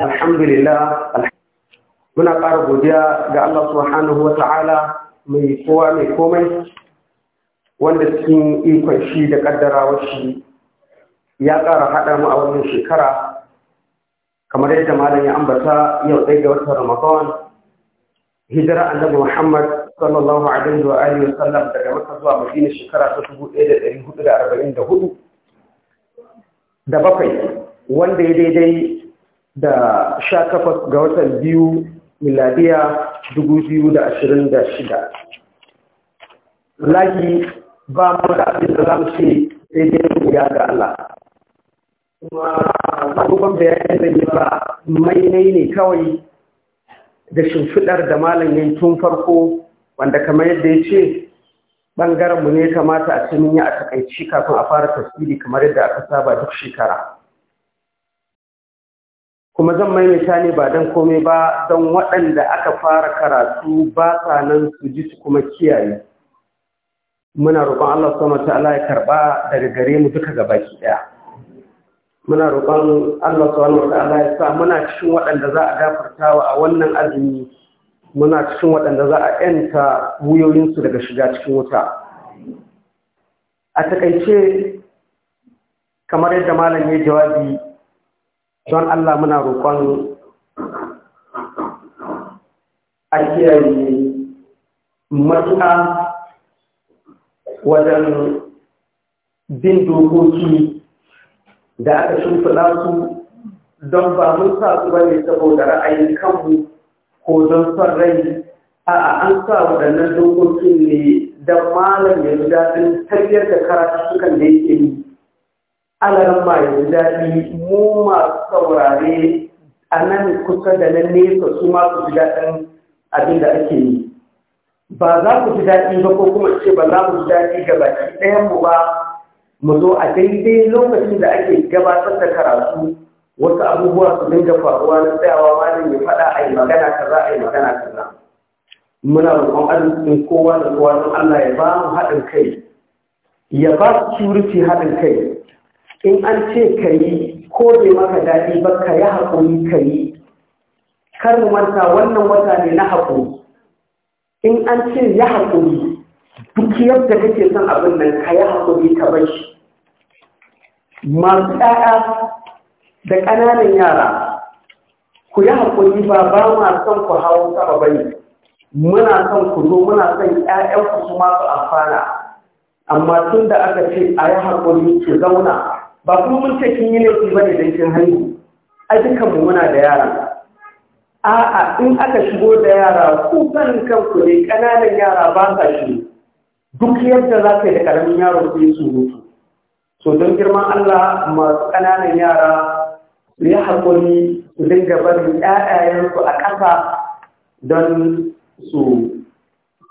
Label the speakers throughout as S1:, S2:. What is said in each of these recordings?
S1: alhamdulillah muna ƙara godiya ga Allah subhanahu wa ta'ala mai kowa mai komai wanda cikin ikon shi da ƙaddarawar shi ya ƙara haɗa mu a wannan shekara kamar yadda malam ya ambata yau ɗaya ga watan ramadan hijira annabi muhammad sallallahu alaihi wa alihi wa sallam daga Makka zuwa Madina shekara ta 1444 da bakwai wanda ya daidai da 18 ga watan biyu miladiya 2026 lahi ba mu da abin da za mu ce daidai dai ya ga Allah kuma abubuwan da ya yi ba mai ne kawai da shimfiɗar da malamin tun farko wanda kamar yadda ya ce ɓangaren mu ne ya kamata a ce mun yi a takaici kafin a fara tasiri kamar yadda aka saba duk shekara kuma zan maimaita ne ba don komai ba don waɗanda aka fara karatu ba sa nan su ji su kuma kiyaye muna roƙon Allah subhanahu ta'ala ya karɓa daga gare mu duka gabaki ɗaya muna roƙon Allah subhanahu ta'ala ya sa muna cikin waɗanda za a gafartawa a wannan azumi muna cikin waɗanda za a ‘yanta wuyoyinsu daga shiga cikin wuta. A taƙaice, kamar yadda malam ya jawabi, don Allah muna roƙon a kiyaye matuƙa wajen bin dokoki da aka shimfiɗa su don ba mun sa su bane saboda ra'ayin kanmu ko don son rai a'a an sa waɗannan dokokin ne don malam ya ji daɗin tafiyar da karatu sukan da yake yi alaran ma ya ji daɗi mu masu saurare a nan kusa da nan nesa su ma su ji daɗin abin da ake yi ba za ku ji daɗi ba ko kuma ce ba za ku ji daɗi ga baki ɗayan mu ba mu zo a daidai lokacin da ake gabatar da karatu wasu abubuwa su dinga faruwa na tsayawa malam ya faɗa a yi magana kaza a yi magana kaza muna roƙon arzikin kowa da kowa don Allah ya ba mu haɗin kai ya ba su haɗin kai in an ce ka yi ko bai maka daɗi ba ka yi haƙuri ka yi kar mu manta wannan wata ne na haƙuri in an ce ya haƙuri duk yadda kake son abin nan ka yi haƙuri ka bar shi masu ɗaya da ƙananan yara ku yi haƙuri ba ba ma son ku hau sama ba muna son ku zo muna son ku su masu amfana amma tun da aka ce a yi haƙuri ki zauna ba kuma mun ce kin yi laifi ba da don kin a muna da yara a'a in aka shigo da yara ku kan kanku ne ƙananan yara ba sa shi duk yadda za ka yi da ƙaramin yaro ku yi surutu so don girman Allah masu ƙananan yara su yi haƙuri su dinga barin ‘ya'yayensu a ƙasa don su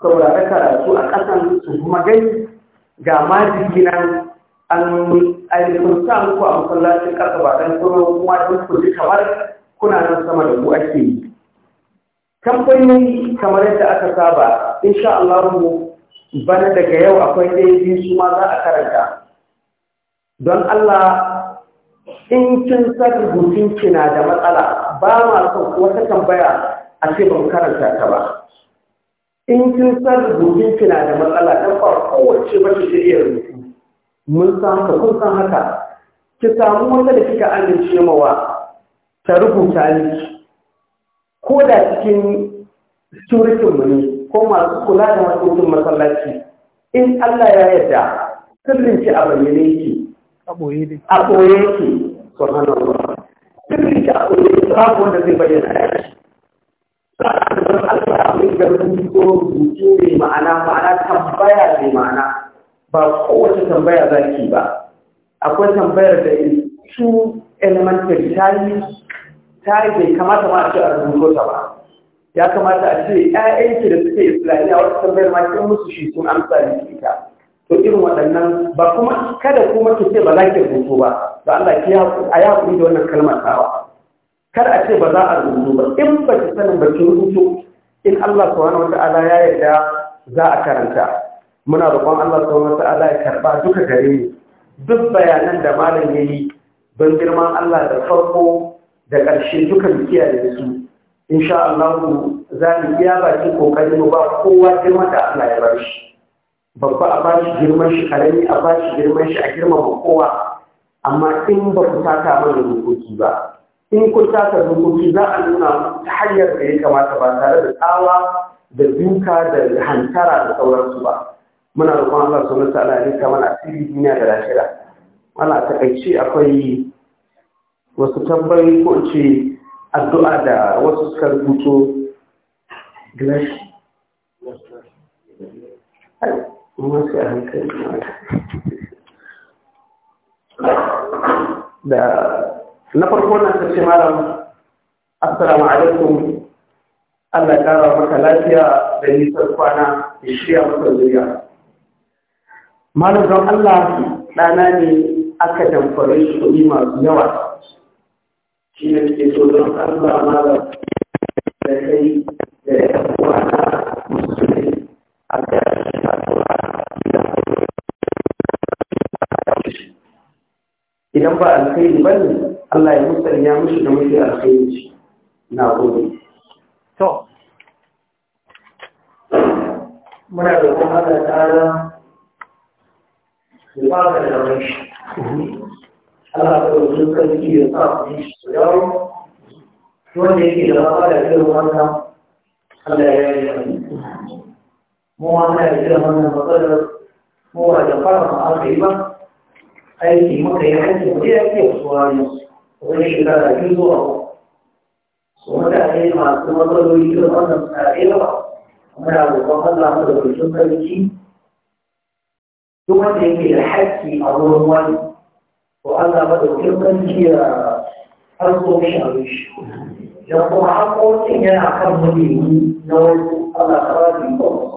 S1: saurari karatu a ƙasan su kuma gani ga majigi nan an ainihin muku a masallacin ƙasa ba don kuma kuma don ku ji kamar kuna nan sama da ku ake yi. Kamfanoni kamar yadda aka saba, insha Allah bana daga yau akwai ɗaya biyu su ma za a karanta. Don Allah in kin san rubutun na da matsala ba ma son wata tambaya a ce ban karanta ta ba in kin san rubutun kina da matsala dan ba kowace ba ki iya rubutu mun san haka kun san haka ki samu wanda da kika amince mawa ta rubuta ni ko da cikin surukin mu ne ko masu kula da harkokin masallaci in Allah ya yarda sirrin ki a bayyane ki a ɓoye ne a ɓoye ke subhanallah duk da ke a ɓoye babu wanda zai bayyana ya shi sa'an da Allah mai da ko rubutu mai ma'ana ma'ana tambaya mai ma'ana ba kowace tambaya za ki ba akwai tambayar da su elementary ta yi ta yi bai kamata ma a ce a rubuto ta ba ya kamata a ce 'ya'yanki da suke islamiyya wata tambayar ma kin musu shi sun amsa da ita to irin waɗannan ba kuma kada kuma ki ce ba za ki rubutu ba to Allah ki a ya hakuri da wannan kalmar tawa kar a ce ba za a rubutu ba in ba ki sanin ba ki rubutu in Allah subhanahu wata'ala ya yarda za a karanta muna roƙon Allah subhanahu wata'ala ya karba duka gare ni duk bayanan da malam ya yi don girma Allah da farko da ƙarshe duka mu kiyaye su insha Allah za mu iya ki kokari mu ba kowa girma da Allah ya bar shi babba a bashi girman shi karami a bashi girman shi a girmama kowa amma in ba ku taka mana dokoki ba in kun taka dokoki za a nuna ta hanyar da ya kamata ba tare da tsawa da duka da hantara da sauransu ba muna roƙon Allah subhanahu wataala ya rika mana asiri duniya da lafiya wala takaici akwai wasu tambayoyi ko ce addu'a da wasu suka rubuto glashi kuma hankali da na farko na ta ce malam assalamu alaikum Allah kara maka lafiya da nisan kwana da shirya maka zuriya malam don Allah ɗana ne aka damfare shi kuɗi masu yawa shi ne ke so don Allah malam idan ba alkhairi ba ne Allah ya musanya mushi da mafi alkhairi shi na gode to
S2: muna da kuma da tsara da ba da da shi Allah ta wajen sarki ya sa ku shi su dawo wanda yake da ba da irin wannan Allah ya yi mu wannan da irin wannan matsalar mu ba da fara ma'akai ba aiki muka yi aiki da ya ke kusuwa ne wani shekara biyu zuwa su mutane masu matsaloli da wannan tsare ba muna roƙon Allah da kullum sarki duk wanda yake da haƙƙi a wurin wani to Allah mu da kullum sarki ya harko shi a rushe da kuma haƙƙoƙin yana kan
S1: mulki
S2: na wani Allah ta ba da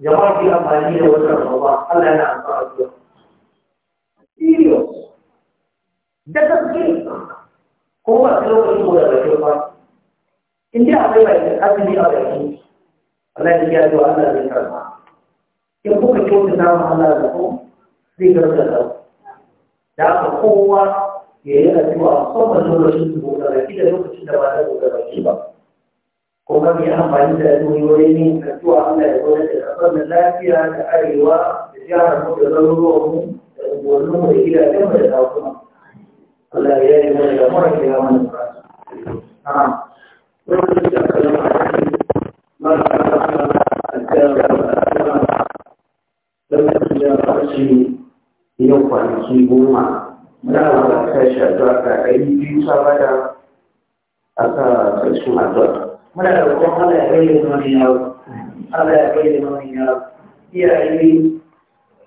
S2: jama'a ke amfani da wannan rawa Allah yana amfani da serious da gaske ko ba ta lokacin ko da bakin ba in dai akwai bakin asali a bakin Allah ya ji addu'a Allah zai karba in kuka kyautu na Allah da ku zai karba da da aka kowa ya yi addu'a musamman lokacin da da baki da lokacin da ba da baki ba ko kuma yi amfani da ilimi wurin yin Allah ya gwada da kasar da lafiya da arewa da jihar mu da garuruwan mu da unguwanninmu da gidajen da kasuwa.
S1: Allah ya yi mana da mara ya mana da a da yau kwanaki goma na ba ta shi addu'a ɗari biyu sabada aka ƙarshen addu'a
S2: muna da roƙon Allah ya kai da mana yaro Allah ya kai da mana yaro iyaye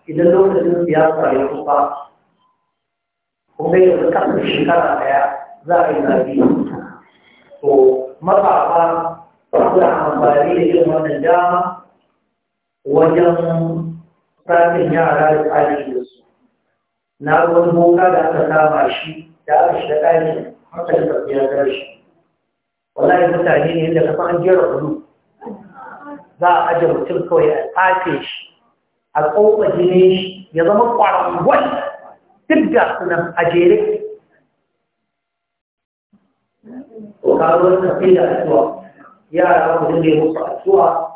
S2: idan lokacin siyasa ya kusa kuma yanzu kafin shekara daya za a yi zaɓe to ba suna amfani da irin wannan dama wajen samun yara da tsari da su na wani boka da aka kama shi da aka shiga ɗaki haka da tafiya shi wallahi mutane ne yadda kasan an jera kudu za a ajiye mutum kawai a tsafe shi a tsotsa jini shi ya zama kwarangwal duk da sunan a jere ƙaruwar tafi da asuwa yara mu dinga musu asuwa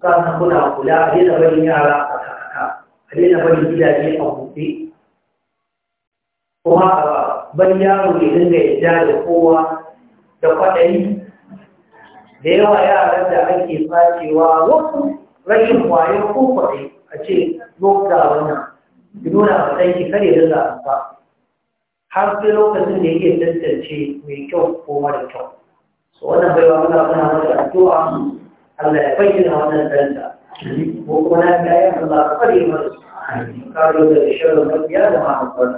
S2: sannan kuna kula a daina barin yara a kaka a daina barin gidaje a buɗe kuma a bari yaro ya dinga ya da kowa da kwaɗayi da yawa yaran da ake sacewa wasu rashin wayo ko kwaɗayi a ce lokta wannan ki nuna a matsayin kare da za ba har sai lokacin da yake tantance mai kyau ko mara kyau so wannan baiwa muna muna mata addu'a Allah ya bayyana wannan danta ko kuma na ga ya Allah ka fare mana karo da shirin mafiya da mahaifar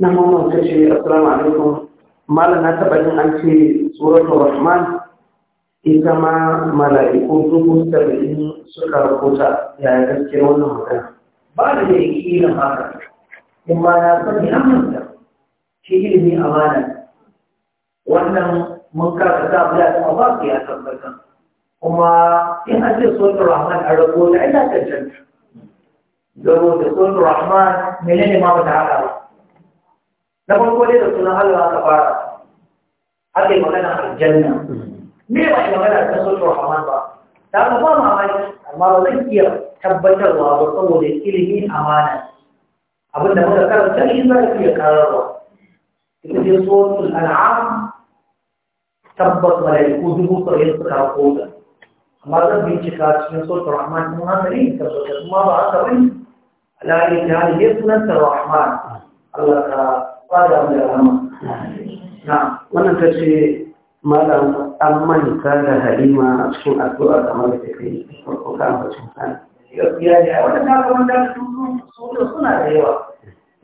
S1: na mamman kace assalamu alaikum malam na taɓa yin an ce suratul rahman ita ma mala'iku dubu saba'in suka rubuta yaya gaskiyar wannan magana ba da da yake na haka
S2: in ma na sani manta. shi ilimi amana wannan mun kasa ta bula kuma ba su ya tabbata kuma in an ce suratul rahman a rubuta ai ta cancanta domin da suratul rahman menene ma ba ta haɗa ba na farko dai da sunan Allah aka fara aka yi magana aljanna me ba yi magana ta sojo haman ba ta ga ba mamaki amma ba zan iya tabbatarwa ba saboda ilimi amana abinda muka karanta shi za a iya kararwa ita ce sotul al'am tabbas malaiku dubu saba'in suka rako ta amma zan bincika cikin sotul rahman mun hankali ta sojo kuma ba haka bane ala ilaha illa sunan rahman Allah ka fada mu da rahman wannan ta
S1: ce malam an manta da halima a cikin addu'a kamar da take farko kan bacin kan ya ne wannan
S2: ta kamar da su suna da yawa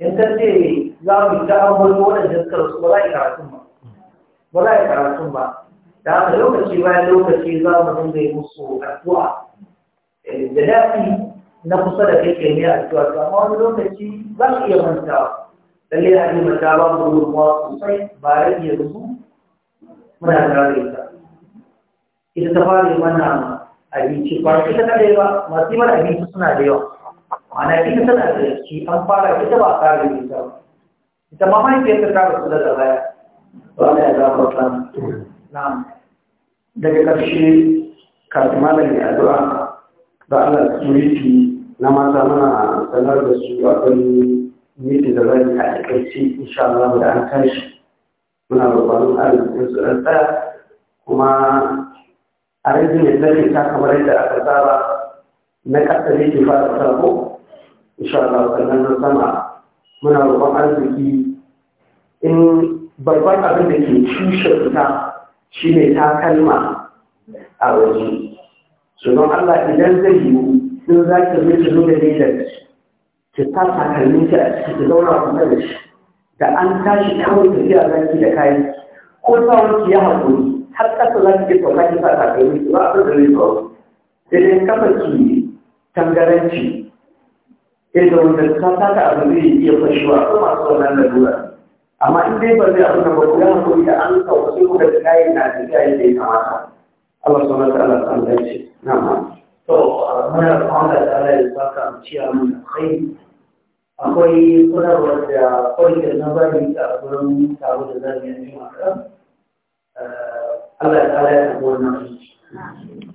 S2: in ta ce za mu ta amfani wannan jaskar su ba za a yi karatun ba ba za a yi karatun ba da haka lokaci bayan lokaci za mu dinga yi musu addu'a eh, da dafi na kusa da kai ke ne addu'a amma wani lokaci za su iya mantawa lalle halima ta ba mu gudunmuwa sosai ba rage yanzu muna tare da ita ita ta fara yi mana abinci ba ki ta kadai ba masu yi mana abinci suna da yawa ma'ana ita tana da yaski an fara ta ba kare da ita ba ita ma mahaifiyarta ta rasu daga baya wanda ya zama
S1: ta na daga ƙarshe kafin malam ya addu'a da Allah su yi na mata muna sanar da su a kan miji da rani a takaici insha Allah da an tashi muna roƙon arzikin su ɗan tsaya kuma a rajin da zai ta kamar yadda aka tsara. na ƙasa ne ke fara sako insha Allah sannan na sama muna roƙon arziki in babban abin da ke tushe ta shi ne ta takalma a waje. Sunan Allah idan zai yiwu in za ka zai nuna ne da ki sa takalmin ki a ciki ki zauna kusa da shi da an tashi kawai tafiya za ki da kayan ko tsawon ki ya haƙuri har ƙasa za ki ke sauka ki sa takalmin su ba a da zai tsawon sai dai kafa ki tangaranci yadda eh, wanda ta sa ta abu zai iya fashewa ko masu wannan lalura amma in dai ba zai abu na ba ku ya haƙuri da an sauka sai ku da kayan na tafiya da ya kamata Allah subhanahu wa ta'ala san dace na'am
S2: to muna Allah ta'ala ya saka mu ciya mun kai akwai sanarwar da kwarkar na bari a gurin taro da zan yi a kan Allah ta'ala ya tafi wannan aiki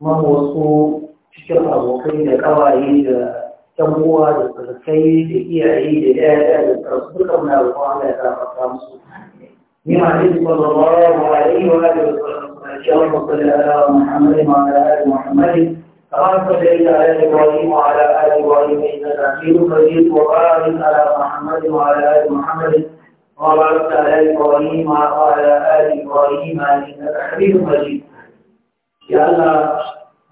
S2: man wasu cikin abokai da kawaye da yan uwa da sarkai da iyaye da yaya da karsu duka muna roƙon Allah ya tafi musu ni ma ne sallallahu alaihi wa alihi wa sallam اللهم صل على محمد وعلى آل محمد كما صليت على إبراهيم وعلى آل إبراهيم إنك حميد مجيد وبارك على محمد وعلى آل محمد وباركت على إبراهيم وعلى آل إبراهيم إنك حميد مجيد يا الله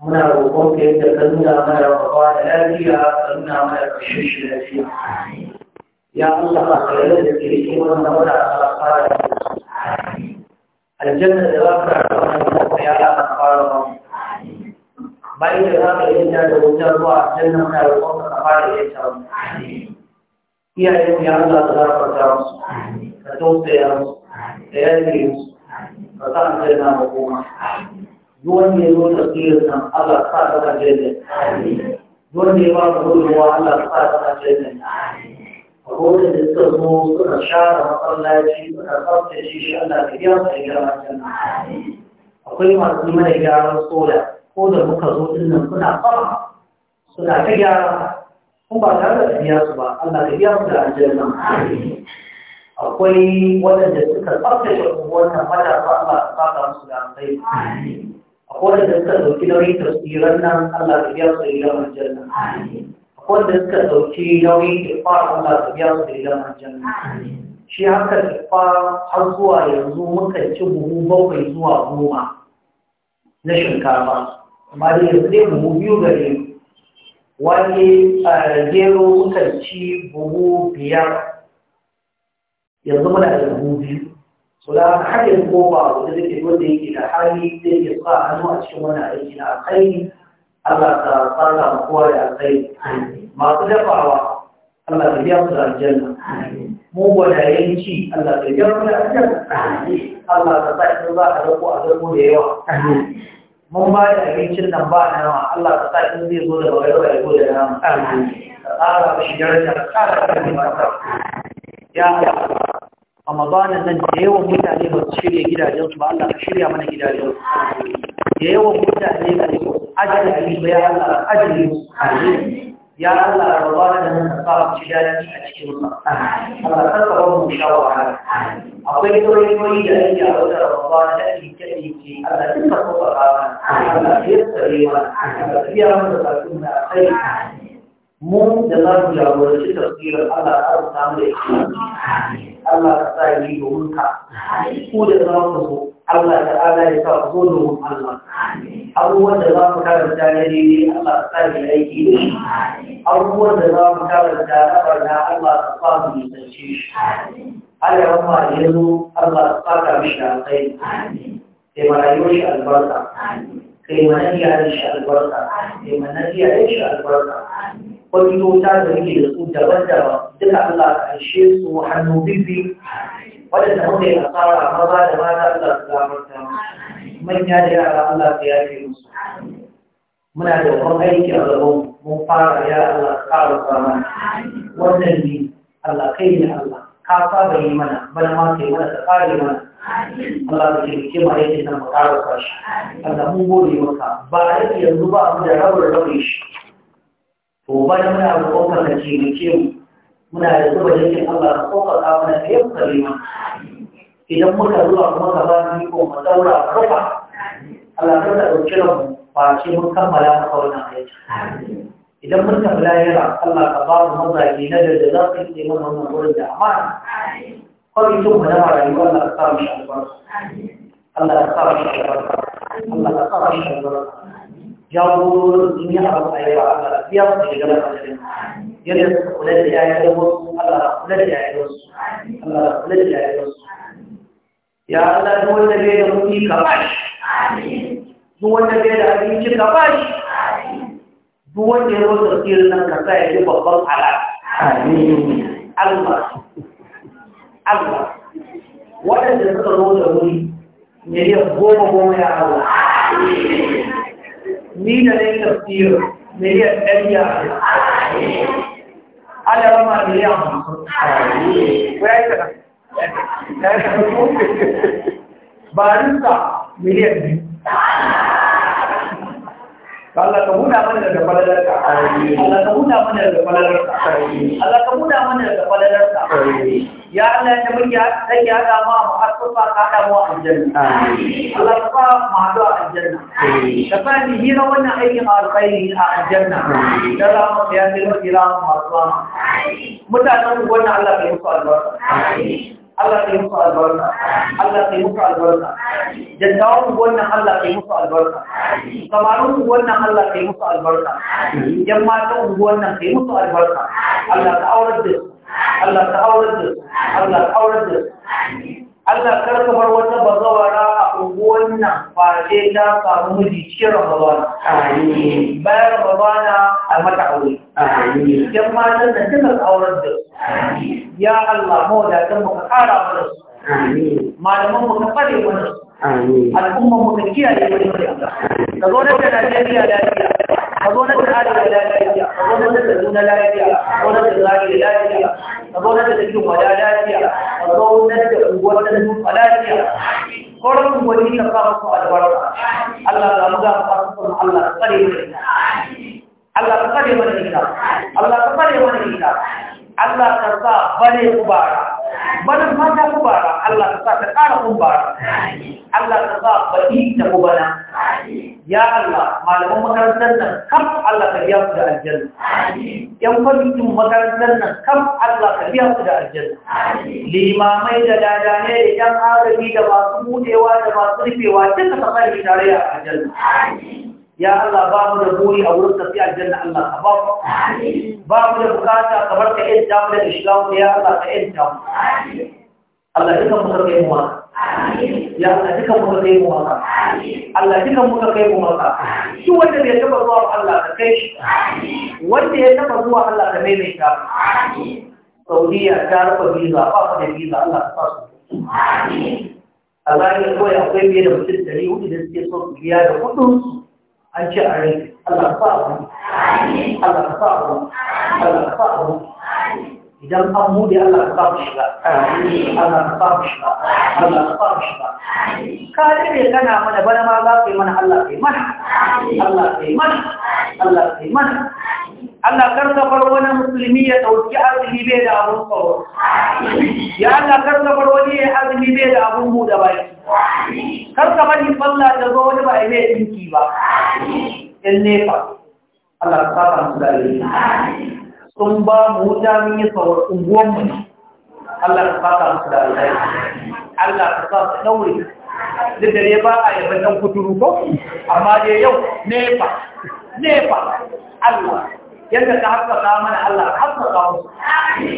S2: هنا ربك أنت كلنا ما رمضان الآتية كلنا ما يكشش الآتية
S1: يا الله خيرك لكي ونورك على
S2: قارئ aljanna da za ka kuma ya Allah ka fara ba bai da za ka yi ta da wutar ruwa aljanna muna roƙon ka ka fara yin ta iyayen ya Allah ka zafarta da ka da yanke musu ka sa aljanna makoma duk wanda ya zo tasirin nan Allah ka sa ka aljanna duk wanda ba ka gudunmuwa Allah ka ka akwai da suka zo suna share masallaci suna tsaftace shi Allah ka biya su gyara akwai masu mana gyaran sola ko da muka zo din nan suna fara suna ta gyara kun ba tare da biya su ba Allah ka biya su da aljanna akwai waɗanda suka tsaftace unguwannan matasa Allah ka saka su da alkai akwai waɗanda suka ɗauki nauyin tasirin nan Allah ka biya su da gidan aljanna wanda suka dauki nauyin ifa Allah su biya su da gidan aljanna shi haka ifa har zuwa yanzu muka ci buhu bakwai zuwa goma na shinkafa amma da yanzu dai buhu biyu gare Wani wani gero muka ci buhu biyar yanzu muna da buhu biyu so da har yanzu ko ba wanda zai ke wanda yake da hali zai ke sa hannu a cikin wani aiki na akai Allah ta saka mu kowa a kai. masu dafawa Allah ta biya mu da aljanna mu gwadayen yanki. Allah ta biya mu da aljanna Allah ta sa idan za a dauko a dauko da yawa mun ba da abincin nan ba nama Allah ta sa idan zai zo da bagaba da zo da nama ta tsara mashi daraja ta tsara da mata ya Ramadanan nan da yawan mutane ba su shirya gidajensu ba Allah ka shirya mana gidajensu da yawan mutane a yau ajali ba ya Allah ajali ajali ya Allah rawa da nan sa ci daɗi a cikin sa Allah ka kawo mu shawara akwai tsoyoyi da ake a wata rawa da ake kake ke Allah duk ka kawo ba Allah ya tsare wa Allah ya mu da su na kai mu da za mu jagoranci tafsirin Allah a samu da shi Allah ka sa yi domin ka ko da za ku so Allah ta ala ya sa ku so domin Allah abubuwan da za mu karanta na daidai Allah ka sa yi aiki da shi abubuwan da za mu karanta na barna Allah ka sa mu nisance shi Allah ya ma ya zo Allah ka sa mishi a kai sai rayuwar shi albarka kai manajiyar shi albarka kai manajiyar shi albarka kwamfutota da muke da su daban-daban duka Allah ka aishe su hannu bibbi waɗanda muka yi asara maza da mata Allah su gafarta manya da yara Allah su yafe musu muna da wani aiki a gaban mun fara ya Allah ka ƙara sama wannan ne Allah kai ne Allah ka saba yi mana bana ma kai mana ka ƙare mana Allah ka taimake mu aiki nan mu ƙara shi Allah mun gode maka ba aiki yanzu ba mu da rabar rabe shi to bayan muna roƙon da ce mu ce muna da zuba jikin Allah da kokar ka mana ka yau kalima idan muka zuwa kuma ka ba mu iko mu daura kafa Allah ka dauki mu ba ce mun kammala ka wannan aiki idan mun tafi lahira Allah ka ba mu mazaje na da da za su yi mana wannan wurin da amana kwamitin mu na rayuwa Allah ka sa mu albarka Allah ka sa mu albarka Allah ka sa mu albarka jagororin duniya a basu yadda suka kula da yayin wasu Allah kula da wasu Allah kula da wasu ya Allah duk wanda bai da kuɗi ka bashi duk wanda bai da abinci ka bashi duk wanda ya nan ka sa ya yi babban Allah Allah waɗanda suka zo da wuri miliyan goma goma ya Allah ni da ne tafsir miliyan ɗariya ala rama miliyan hamsin ko ya yi ya
S1: yi kaɗan ba miliyan biyu Allah ka buɗa mana daga falalarka Allah ka buɗa mana daga falalarka Allah ka buɗa mana daga falalarka
S2: ya Allah ta muke take haka ma mu asufa ka da mu aljanna Allah ka aljanna ka ba ni hira wannan aikin alkhairi a aljanna da ramu ya zira mu ramu mutanen wannan Allah ka yi su albarka Allah ka yi musu albarka Allah ka yi musu albarka dattawan ku wannan Allah ka yi musu albarka samarin ku wannan Allah ka yi musu albarka yamma ta ku wannan ka yi musu albarka Allah ka aurar da Allah ka aurar da Allah ka aurar da Allah kar ka bar wata bazawara a unguwan nan face ta samu miji cikin Ramadana. bayar Ramadana a mata aure. yan matan da duka auren da ya Allah mawadatan mu ka kara mana su malaman mu ka da ka da ka da ka da ka da ka da unguwar Allah ya mu ga Allah tsare
S1: mu Allah ka tsare mana gida Allah ka tsare mana gida Allah
S2: ka sa bane ku bara banan mata ku bara Allah ka sa ta ƙara ku bara Allah ka sa baki ta ku bana ya Allah malaman makarantar nan kam Allah ka biya ku da aljanna yan kwamitin makarantar nan kam Allah ka biya ku da aljanna limamai da dadane da yan agaji da masu budewa da masu rufewa duka ka tsare tare a aljanna يا الله باب نبوي او رسالتي يا الجنه الله باب يا بقاتا قبر کے يا جاب نے اسلام يا اللہ کا ان يا اللہ کا مصر يا ہوا امین یا يا کا مصر کے يا امین اللہ کا يا کے ہوا امین يا وہ جب یہ يا اللہ کا کیش يا وہ جب یہ يا اللہ کا میں يا امین سعودی اچار يا بھی اللہ کا يا دیا اللہ کا يا اللہ نے کوئی يا میرے مجھے دلیل يا دیا تو خود an ce a rai Allah ka abu Allah ka abu Allah ka abu idan an bude Allah ka abu shiga Allah ka abu shiga Allah ka abu shiga ka dade kana mana bana ma za ku yi mana Allah kai mana Allah kai mana Allah kai mana Allah karka bar wani musulmi ya ɗauki arziki bai da abun tsoro. Ya Allah karka bar wani ya arziki bai da abun da baki. kar ka bari falla da zo wani ba a mai dinki ba in nefa Allah ka saka su da alheri sun ba mu wuta mun yi tsawar unguwan mu Allah ka saka su da alheri Allah ka sa su daure duk da dai ba a yi bayan
S1: kuturu ko amma da yau
S2: nefa nefa Allah yadda ka haka mana Allah ka haskaka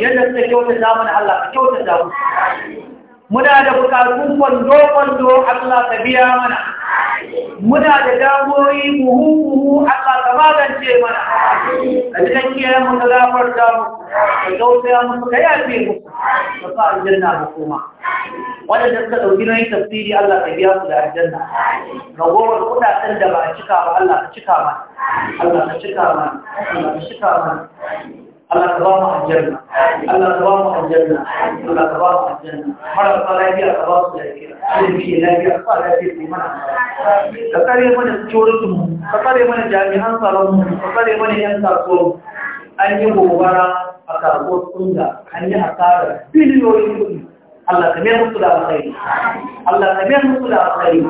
S2: yadda ka kyauta mana Allah ka kyautata musu muna da bukatun kwando-kwando Allah ka biya mana muna da damoyi buhu-buhu Allah
S1: ta magance mana a cikakkiyar
S2: mu gabar damu da gautaya musu ka yafe mu ka sa aljanna da koma da suka ɗauki nauyin tafsiri Allah ta biya su da aljanna ragowar kuɗaɗen da ba a cika ba Allah ta cika mana Allah ta cika mana Allah ta cika mana Allah ka ba mu aljanna Allah ka ba mu aljanna Allah ka ba mu aljanna mara sa lafiya ka ba su lafiya ilimi lafiya sa lafiya ku mana ka kare mana turin mu ka kare mana jami'an tsaron mu ka mana yan an yi gobara a an yi asara biliyoyin Allah ka mayar musu da alkhairi Allah ka da alkhairi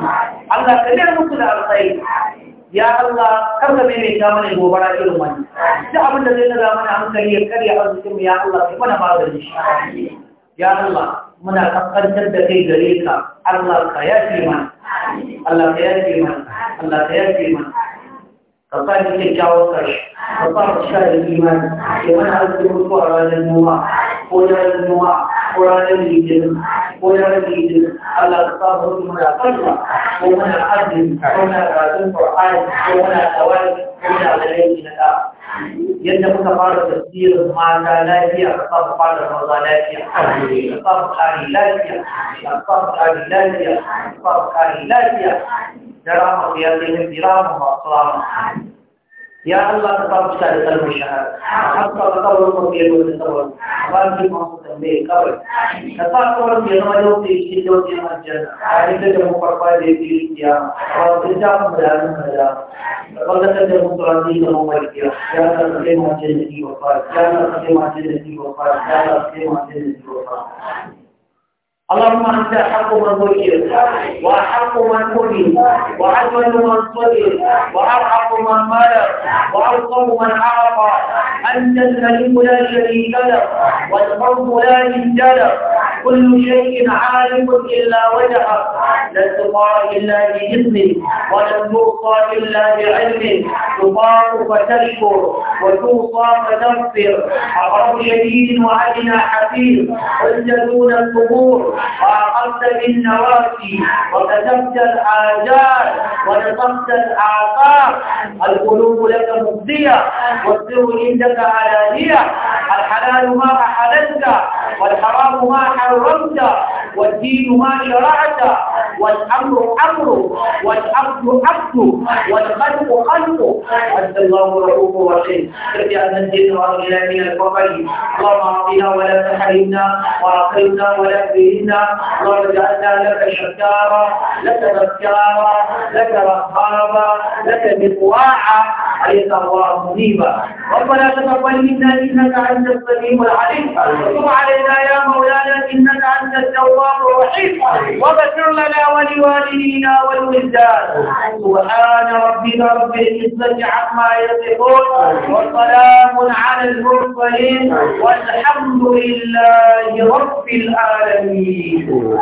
S2: Allah ka da alkhairi ya Allah kar ka mai kama ne gobara irin wani duk abin da zai naga mana hankali ya karya arzikin mu ya Allah kai mana magani shi ya Allah muna kaskantar da kai gare ka Allah ka fi mana Allah ka fi mana Allah ka fi mana ka sa ni kyakkyawar karshe ka sa mu sha da imani ke mana arzikin mutuwa ranar noma ko ranar noma ويريدهم ويريدهم على الصبر من الصبر ومن العدل ومن القرآن ومن الأوائل ومن العليم من الآخر yadda muka fara tafsirin mata lafiya ka fara fara maza lafiya ka fara kari lafiya ka fara kari lafiya ka fara kari lafiya da rama ya zai yi rama masu rama Ya Allah tetap a di dalam syahadat. Apa kalau kau mau dia mau ditawar? Apa yang dimaksud dengan dia kau? Tetap kau harus dia mau jauh di sini jauh di masjid. Hari ini dia mau perpaya di sini dia. Kalau kerja berjalan berjalan. Kalau kerja dia mau tulang di dalam rumah dia. Jangan sampai dia masjid di sini berpaya. Jangan sampai masjid di sini berpaya. Jangan sampai masjid di sini berpaya. اللهم أنت أحق من وجد وأحق من قبل وأجمل من صدر وأرحق من ملك وأرقم من عرف أنت الملك لا شريك له والقوم لا من جلب كل شيء عالم إلا وجهه لا تطاع إلا بإذنه ولا توصى إلا بعلمه تطاع فتشكر وتوصى فتغفر عرب شديد وعدنا حفيظ قلت دون القبور وعقبت بالنواسي وكتبت الآجال ونطقت الآثار القلوب لك مفضية والسر عندك علانية الحلال ما أحللت والحرام ما حرمت والدين ما شرعت والأمر أمر والعبد عبد والخلق خلق أنت الله رؤوف رحيم ارجع منزل الدين وأغنى من الفقر اللهم أعطنا ولا تحرمنا واعطنا ولا تهنا اللهم اجعلنا لك شكارا لك بكارا لك رهابا لك مطواعا عليك الله مصيبا ربنا تقبل منا إنك أنت السميع العليم وتب علينا يا مولانا إنك أنت التواب الرحيم وبشر لنا ولوالدينا والولدان سبحان ربنا رب العزة عما يصفون وسلام على المرسلين والحمد لله رب العالمين